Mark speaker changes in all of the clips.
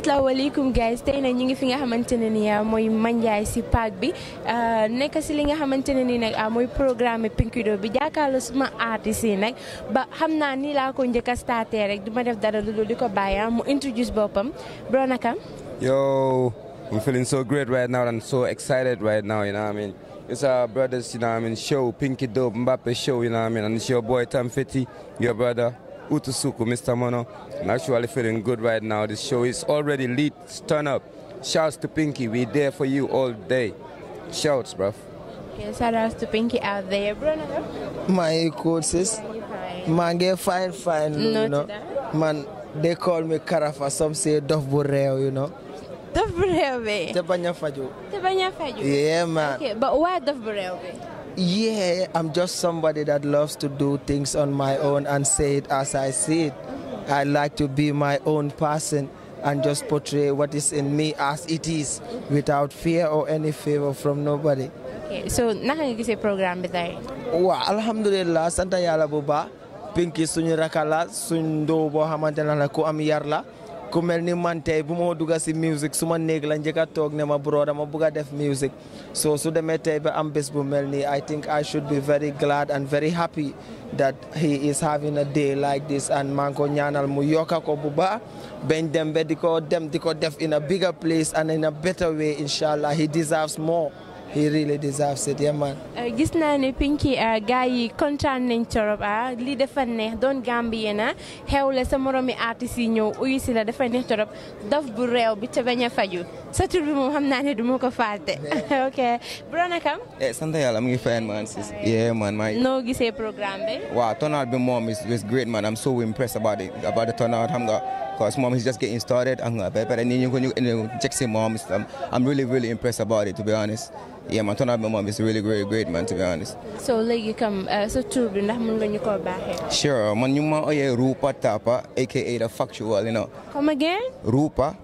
Speaker 1: Assalamu asalaamaaleykum guys tey na ñu ngi fi nga xamante ne ni ah, mooy Manjai si parc bi ah, nekk si li nga xamante ne ni nag ah, mooy programme Pinkido bi jàkkaarloo suma artiste yi nag ba xam naa ni laa ko njëkk a rek du ma def dara lu di ko mu introduce boppam bro naka.
Speaker 2: yo I'm feeling so great right now and so excited right now you know what I mean it's our brothers you know what I mean show Pinky Dope, Mbappe show you know what I mean and it's your boy Tam Fetty your brother. Utusuku, Mr. Mono. I'm actually feeling good right now. This show is already lit. Turn up. Shouts to Pinky. We there for you all day. Shouts,
Speaker 3: bruv.
Speaker 1: Okay, shout to Pinky out there, Bruno.
Speaker 3: My coaches. Man, get fine, fine. you know. Man, they call me Carafa. Some say Dof you know.
Speaker 1: Dof Burrell, Te
Speaker 3: banya fajo.
Speaker 1: Tebanya fajo. Yeah, man. Okay, but why Dof Burrell,
Speaker 3: yeah, I'm just somebody that loves to do things on my own and say it as I see it. I like to be my own person and just portray what is in me as it is without fear or any favor from nobody.
Speaker 1: Okay, so naka nga gisee programme bi tey.
Speaker 3: waaw alhamdulilah sant yàlla bu baax Pinky suñu rakala suñ la ku am yar la ku ni man tey bu ma dugg music su ma néeg la njëkk a ne ma bro dama bugg def music so su demee tey ba am bés bu I think I should be very glad and very happy that he is having a day like this and maa ngi ko ñaanal mu yokka ko bu baax dem dem def in a bigger place and in a better way inshallah he deserves more he really deserves it yeah man
Speaker 1: uh, gis naa ne Pinky uh, gars yi kontaan nañ torop ah lii dafa neex doon Gambien na. Ah, xewle sa moromi artistes yi ñëw uyu si la dafa neex torop daf bu réew bi te bañ a faju sa tur bi moom xam naa ne du ma ko fàtte ok bro nakam
Speaker 2: eh, sant yàlla mu ngi fayeen man sis yeah man maa
Speaker 1: noo gisee programme bi
Speaker 2: Wow, turnout bi moom is great man I'm so impressed about it about the turnout xam nga because mom is just getting started. I'm really, really impressed about it, to be honest yeah man turnout bi mom is really great great man to be honest.
Speaker 1: so léegi uh, so sa tur bi ndax mën nga ñu back here.
Speaker 2: sure man know, ma yeah, Rupa Tapa aka the factual you know. come again. Rupa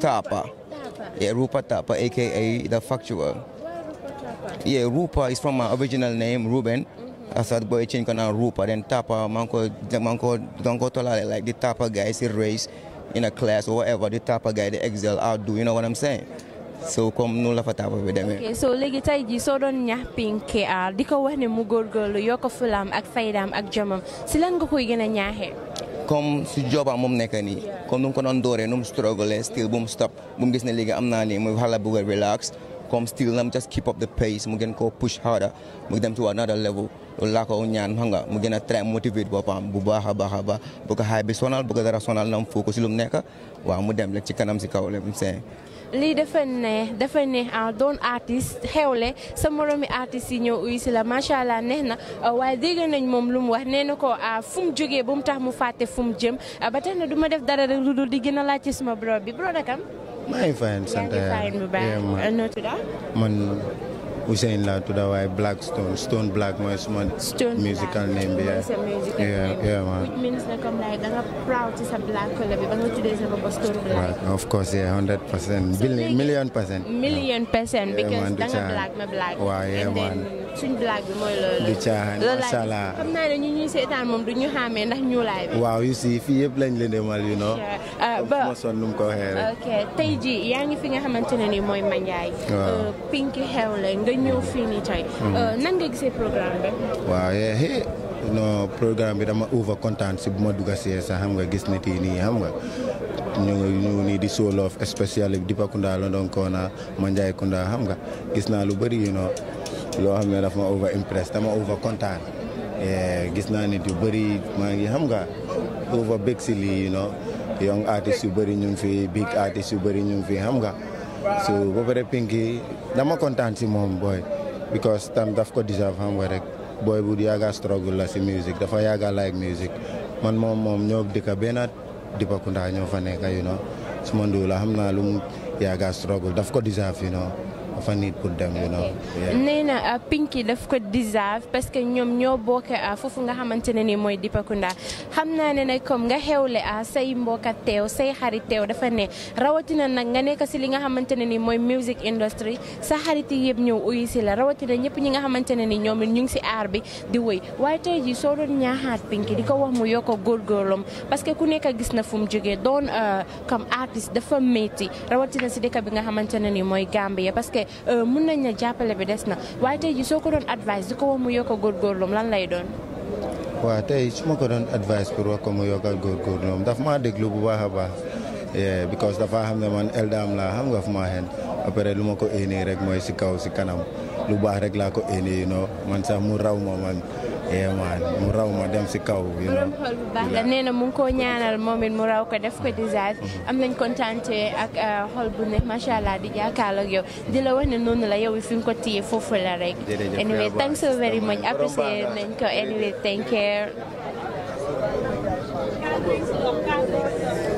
Speaker 2: Tapa. Yeah, Rupa Tapa aka the factual. Yeah, Rupa is from my original name Ruben. Asad mm-hmm. boy change kana Rupa then Tapa man manko don't go to like the Tapa guys he race in a class or whatever the Tapa guy the Excel outdo you know what I'm saying. so comme noonu la fa taaba bi demee.
Speaker 1: so léegi tey jii soo doon ñax Pinky di ko wax ne mu góorgóorlu yokk fulaam ak faydaam ak jomam si lan koy gën a ñaaxee.
Speaker 2: comme si jobam moom nekk nii comme nu mu ko doon dooree nu mu struggle still bu mu stop bu gis ne léegi am naa lii muy xala bëgg a relax comme still nam just keep up the pace mu gën koo push harder mu dem to another level. loolu laa ko ñaan xam mu gën a train motivé boppam bu baax a baax a baax bu ko bi sonal bu ko dara sonal na mu focus lu mu nekk waaw mu dem la ci kanam si kaw la mu seen
Speaker 1: lii dafa ne dafa ne ah doon artiste xewle sa moromi artiste yi ñëw uyu si la macha allah neex na ah, waaye dégg nañ moom lu mu wax nee na ko ah, fu mu jógee ba mu tax mu fàtte fu mu jëm ah, ba tax na du ma def dara rek lu dul di gën a laajte suma bro bi bro dakam.
Speaker 4: maa ngi fayal sant yàlla
Speaker 1: yaa
Speaker 4: We Hussein laa tudd waaye Black Stone Stone Black mooy suma musical name bi yeah man which
Speaker 1: means like I'm like danga proud to sa black color bi ba nga tuddee sa Stone Black
Speaker 4: of course yeah hundred percent million percent
Speaker 1: million percent because I'm black ma black waaw
Speaker 4: yeah man
Speaker 1: suñ blague bi mooy loolu. du
Speaker 4: caaxaan macha allah xam
Speaker 1: naa ne ñu ñuy seetaan moom du ñu xàmmee ndax ñuulaay bi.
Speaker 4: waaw yu si fii yëpp lañ leen demal yu noo. ba ma sonn nu mu ko waxee rek.
Speaker 1: ok tey jii yaa ngi fi nga xamante ne nii mooy Mandiaye. waaw uh, Pinky xew la nga ñëw fii nii tey. Uh, mm-hmm. nan nga gisee programme bi.
Speaker 4: waaw yee non programme bi dama over kontaan si bu ma dugg si sax xam nga gis nit yi nii xam nga. ñu ñu nii di sóoloof spécial di Dippa Kunda London Corner Mandiaye Kunda xam nga gis naa lu bëri yu noo. loo xam ne daf ma over impress dama over kontaan eh, gis naa nit yu bëri maa ngi xam nga over bég si lii no know young artist yu bëri ñu ngi fi big artist yu bëri ñu ngi fi xam nga so ba pare Pinky dama kontaan si moom booy because tam daf ko deserve xam nga rek booy bu yàgga struggle la si music dafa yàgga like music man moom moom ñoo dëkka benn Dibakunda ñoo fa nekk you know su ma nduw la xam naa lu mu yàgga struggle daf ko deserve you know if I need put them, you know.
Speaker 1: nee ah, ko deserve parce que ñoom ñoo bokk ah, foofu nga xamante ne nii mooy Dipakunda xam naa ne nag comme nga xewle ah, say mbokka teew say xarit teew dafa ne rawatina nag nga nekk si li nga xamante ne nii mooy music industry sa xarit yi yëpp ñëw uyu si la rawatina ñëpp ñi nga xamante ne nii ñoom ñu ngi si aar bi di wëy waaye tey soo doon ñaaxaat Pinky di ko wax mu yokk góorgóorlam parce que ku nekk gis na fu mu jógee doon comme artiste dafa métti rawatina si dëkk bi nga xamante ne nii mooy Gambia parce que Euh, mun nañ na jàppale bi na waaye ji soo ko doon advice di ko wax mu yokk a góorgóorloom lan lay doon.
Speaker 4: waaw tey su ma ko doon advice pour wax ko mu góor góorgóorloom dafa ma déglu bu baax a baax because dafa xam ne man eldaam laa xam nga fu maa xen lu ma ko éenee rek mooy si kaw si kanam lu baax rek laa ko éenee noo know man sax mu raw ma man. Eh, mu raw ma dem si kaw yi noonu baax
Speaker 1: na mu ngi koo ñaanal moom it mu raw ko def ko disaas am nañ kontaante ak eh, xol bu ne macha allah di jàkkaarloo ak yow di la wax ne noonu la yow fi nga ko téye foofu la rek anyway thanks so very much apprécié ko anyway thank you